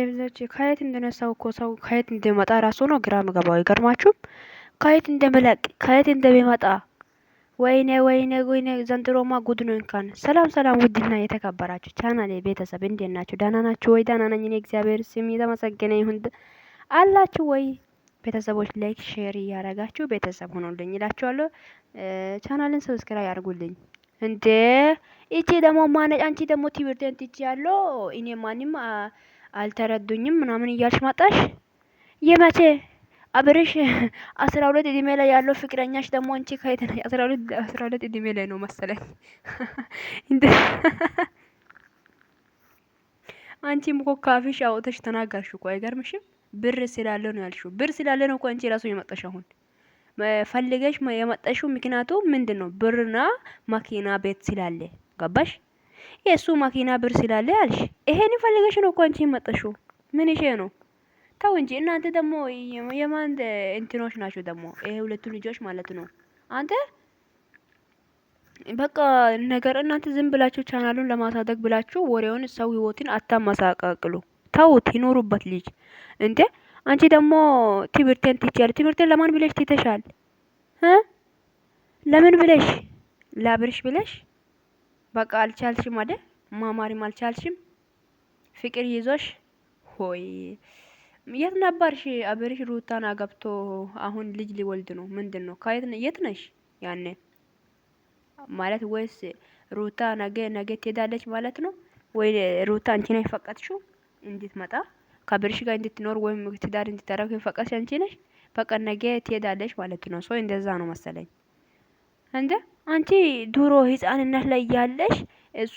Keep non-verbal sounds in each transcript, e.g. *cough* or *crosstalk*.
ኤብዘች ከየት እንደነሳው እኮ ሰው ከየት እንደመጣ ራሱ ነው ግራ ምገባው። ይገርማችሁም ከየት እንደመለቅ ከየት እንደሚመጣ ወይኔ ወይኔ ወይኔ ዘንድሮማ ጉድ ነው። እንኳን ሰላም ሰላም፣ ውድና የተከበራችሁ ቻናሌ ቤተሰብ እንዴት ናችሁ? ደህና ናችሁ ወይ? ደህና ነኝ እኔ እግዚአብሔር ስም የተመሰገነ ይሁን። አላችሁ ወይ ቤተሰቦች? ላይክ ሼር እያረጋችሁ ቤተሰብ ሆኖልኝ ይላችኋለሁ። ቻናልን ሰብስክራይብ አድርጉልኝ። እንዴ እቺ ደግሞ ማነጭ አንቺ ደግሞ ቲቪርቴን ያለው እኔ ማንም አልተረዱኝም ምናምን እያልሽ መጣሽ። የመቼ አብርሽ *laughs* አስራ ሁለት እድሜ ላይ ያለው ፍቅረኛሽ ደግሞ አንቺ ከየት ነሽ? አስራ ሁለት አስራ ሁለት እድሜ ላይ ነው መሰለኝ። *laughs* *laughs* አንቺም እኮ ካፍሽ አውጥተሽ ተናገርሽ እኮ አይገርምሽም? ብር ስላለ ነው ያልሽው። ብር ስላለ ነው እኮ አንቺ ራሱ የመጣሽ አሁን ፈልገሽ የመጣሽው ምክንያቱ ምንድን ነው? ብርና መኪና ቤት ስላለ ገባሽ? የእሱ ማኪና ብር ስላለ አልሽ። ይሄን ፈልገሽ ነው እኮ አንቺ መጠሽው። ምን ይሄ ነው? ተው እንጂ እናንተ ደግሞ የማን እንትኖች ናቸው ደግሞ? ይሄ ሁለቱ ልጆች ማለት ነው። አንተ በቃ ነገር እናንተ ዝም ብላችሁ ቻናሉን ለማሳደግ ብላችሁ ወሬውን ሰው ህይወትን አታመሳቃቅሉ። ተውት፣ ይኖሩበት ልጅ እንዴ። አንቺ ደግሞ ትምህርቴን ትችያል። ትምህርቴን ለማን ብለሽ ትተሻል? ለምን ብለሽ? ላብርሽ ብለሽ በቃ አልቻልሽም አይደል? ማማሪም አልቻልሽም? ፍቅር ይዞሽ ሆይ የት ነበርሽ? አብርሽ ሩታን አገብቶ አሁን ልጅ ሊወልድ ነው። ምንድን ነው ከየት የት ነሽ? ያኔ ማለት ወይስ ሩታ ነገ ነገ ትሄዳለች ማለት ነው ወይ ሩታ አንቺ ነሽ ፈቀድሽው እንድትመጣ ከአብርሽ ጋር እንድትኖር ወይም ትዳር እንድታረግ ፈቀድሽ አንቺ ነሽ። በቃ ነገ ትሄዳለች ማለት ነው። ሰው እንደዛ ነው መሰለኝ እንዴ? አንቺ ድሮ ህፃንነት ላይ ያለሽ እሱ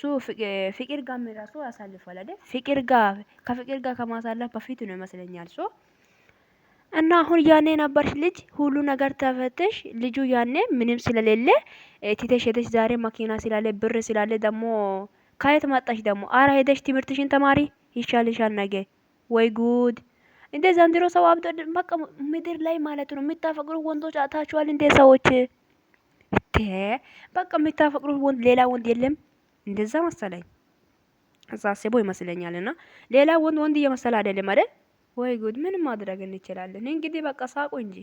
ፍቅር ጋር ራሱ ያሳልፋል አይደል? ፍቅር ጋር ከፍቅር ጋር ከማሳለፍ በፊት ነው ይመስለኛል። ሶ እና አሁን ያኔ የነበርሽ ልጅ ሁሉ ነገር ተፈትሽ፣ ልጁ ያኔ ምንም ስለሌለ ትተሽ ሄደሽ፣ ዛሬ መኪና ስላለ ብር ስላለ ደግሞ ከየት መጣሽ ደግሞ? አረ ሄደሽ ትምህርትሽን ተማሪ ይሻልሻል ነገ። ወይ ጉድ! እንደ ዘንድሮ ሰው አብጦ በቃ ምድር ላይ ማለት ነው የምታፈቅሩ ወንዶች አታችኋል እንዴ ሰዎች በቃ የምታፈቅሩ ወንድ ሌላ ወንድ የለም እንደዛ መሰለኝ ሴቦ ይመስለኛል። እና ሌላ ወንድ ወንድ እየመሰለ አይደለም አይደል? ወይ ጉድ! ምንም ማድረግ እንችላለን እንግዲህ በቃ ሳቁ እንጂ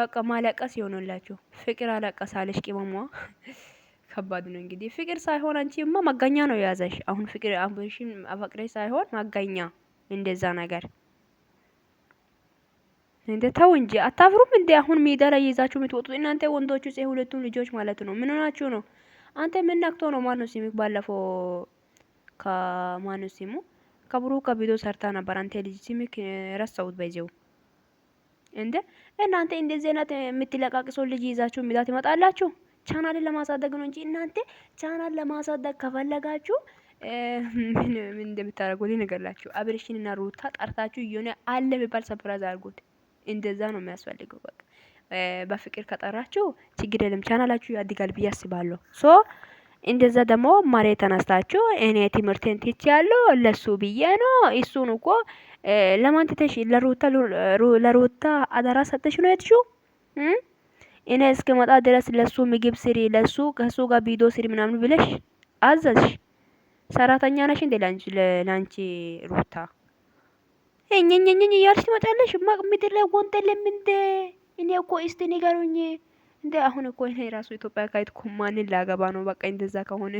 በቃ ማለቀስ ይሆንላችሁ። ፍቅር አለቀሳለሽ ቅመሟ። *laughs* ከባድ ነው እንግዲህ ፍቅር ሳይሆን አንቺማ ማጋኛ ነው የያዘሽ። አሁን ፍቅር አብሽን አፈቅረሽ ሳይሆን ማጋኛ እንደዛ ነገር እንደ ተው እንጂ አታፍሩም እንዴ? አሁን ሜዳ ላይ ይዛችሁ የምትወጡት እናንተ ወንዶቹ ጽ ሁለቱም ልጆች ማለት ነው። ምን ሆናችሁ ነው? አንተ ምን ነክቶ ነው? ማን ነው ሲሚክ ባለፈው ከማን ነው ሲሙ ከብሩክ ቪዲዮ ሰርታ ነበር። አንተ ልጅ ሲሚክ ረሳሁት በዚው እንደ እናንተ እንደዚህ አይነት የምትለቃቅሰው ልጅ ይዛችሁ ሜዳ ትመጣላችሁ። ቻናልን ለማሳደግ ነው እንጂ እናንተ ቻናል ለማሳደግ ከፈለጋችሁ ምን እንደምታደርጉት ይነገርላችሁ። አብሬሽን እና ሩታ ጠርታችሁ የሆነ አለ የሚባል ሰፕራይዝ አድርጉት። እንደዛ ነው የሚያስፈልገው። በቃ በፍቅር ከጠራችሁ ችግር የለም ቻናላችሁ ያድጋል ብዬ አስባለሁ። ሶ እንደዛ ደግሞ መሬ ተነስታችሁ እኔ ትምህርቴን ትቼያለሁ ለሱ ብዬ ነው እሱን እኮ ለማን ትተሽ ለሩታ ለሩታ አደራ ሰጥተሽ ነው የትሹ እኔ መጣ ድረስ ለሱ ምግብ ስሪ፣ ለሱ ከሱ ጋር ቢዶ ስሪ ምናምን ብለሽ አዘዝሽ። ሰራተኛ ነሽ እንዴ ለአንቺ ሩታ? እኛኛኛኝ እያልሽ ትመጣለሽ። ማቅ ምድር ላይ ወንጠል ለምንደ እኔ እኮ እስቲ ንገሩኝ እንደ አሁን እኮ እኔ ራሱ ኢትዮጵያ ካይት እኮ ማንን ላገባ ነው? በቃ እንደዛ ከሆነ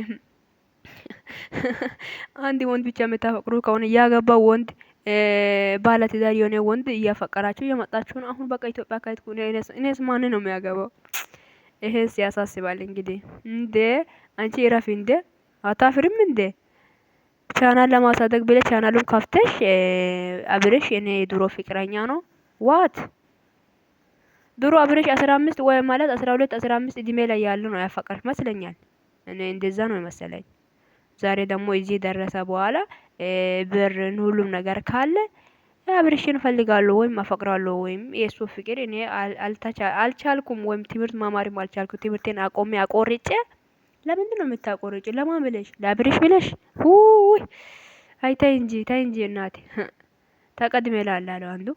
*laughs* አንድ ወንድ ብቻ የምታፈቅሩ ከሆነ ያገባ ወንድ ባለትዳር የሆነ ወንድ እያፈቀራችሁ እየመጣችሁ ነው። አሁን በቃ ኢትዮጵያ ካይት እኔስ ማን ነው የሚያገባው? ይሄስ ያሳስባል። እንግዲህ እንደ አንቺ ረፊ እንደ አታፍርም እንደ ቻናል ለማሳደግ ብለህ ቻናሉን ከፍተሽ አብረሽ የኔ የድሮ ፍቅረኛ ነው ዋት ድሮ አብረሽ አስራ አምስት ወይ ማለት አስራ ሁለት አስራ አምስት እድሜ ላይ ያሉ ነው ያፈቀር መስለኛል። እኔ እንደዛ ነው የመሰለኝ። ዛሬ ደግሞ እዚህ ደረሰ በኋላ ብርን ሁሉም ነገር ካለ አብርሽን እፈልጋለሁ ወይም አፈቅራለሁ ወይም የሱ ፍቅር እኔ አልቻልኩም ወይም ትምህርት ማማሪም አልቻልኩ ትምህርቴን አቆሜ አቆርጬ ለምንድን ነው የምታቆርጭ? ለማን ብለሽ? ለአብሬሽ ብለሽ? ውይ አይ ታይ እንጂ ታይ እንጂ እናቴ ተቀድሜ ላላለ አንዱ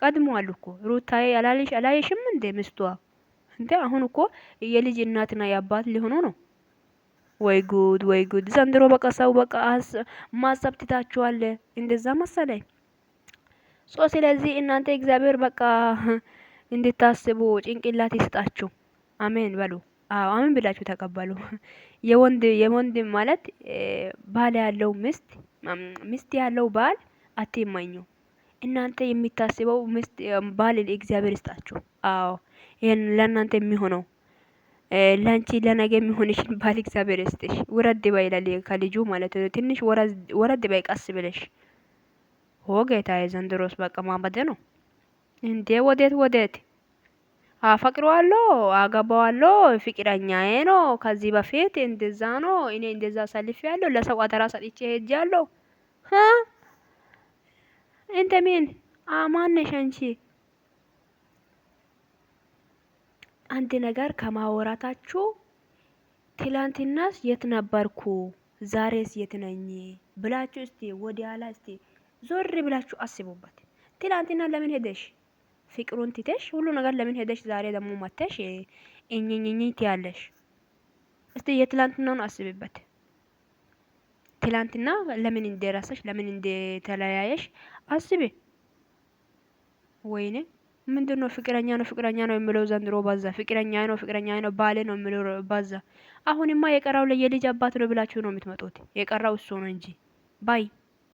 ቀድሞ አሉ እኮ ሩታዬ አላለሽ አላየሽም እንዴ? ምስቷ እንዴ አሁን እኮ የልጅ እናትና የአባት ሊሆኑ ነው። ወይ ጉድ ወይ ጉድ! ዘንድሮ በቃ ሰው በቃ ማሰብ ትታችኋል። እንደዛ መሰለኝ ሶ ስለዚህ እናንተ እግዚአብሔር በቃ እንድታስቡ ጭንቅላት ይስጣችሁ። አሜን በሉ። አዎ አሜን ብላችሁ ተቀበሉ። የወንድ የወንድ ማለት ባል ያለው ሚስት ሚስት ያለው ባል አትመኙ። እናንተ የሚታስበው ሚስት ባል እግዚአብሔር ይስጣችሁ። አዎ ይሄን ለእናንተ የሚሆነው ለአንቺ ለነገ የሚሆንሽን ባል እግዚአብሔር ይስጥሽ። ወረድ በይ ይላል ከልጁ ማለት ነው። ትንሽ ወረድ በይ ቀስ ብለሽ። ኦ ጌታዬ ዘንድሮስ በቃ ማበደ ነው እንዴ! ወዴት ወዴት አፈቅረዋለሁ አገባዋለሁ ፍቅረኛዬ ነው። ከዚህ በፊት እንደዛ ነው እኔ እንደዛ አሳልፌያለሁ ለሰው አደራ ሰጥቼ ሄጃለሁ። እንተ ምን ማን አንቺ? አንድ ነገር ከማወራታችሁ ትላንትናስ የት ነበርኩ ዛሬስ የት ነኝ ብላችሁ እስቲ ወዲያላ እስቲ ዞር ብላችሁ አስቡበት። ትላንትና ለምን ሄደሽ? ፍቅሩን ትተሽ ሁሉ ነገር ለምን ሄደሽ ዛሬ ደግሞ መተሽ እኝኝኝ ትያለሽ? እስቲ የትላንትናውን አስብበት። ትላንትና ለምን እንደራሰሽ ለምን እንደተለያየሽ አስቢ። ወይኔ ምንድን ነው ፍቅረኛ ነው ፍቅረኛ ነው የሚለው ዘንድሮ ባዛ። ፍቅረኛ ነው ፍቅረኛ ነው ባሌ ነው የሚለው ባዛ። አሁንማ የቀራው ለየልጅ አባት ነው ብላችሁ ነው የምትመጡት። የቀራው እሱ ነው እንጂ ባይ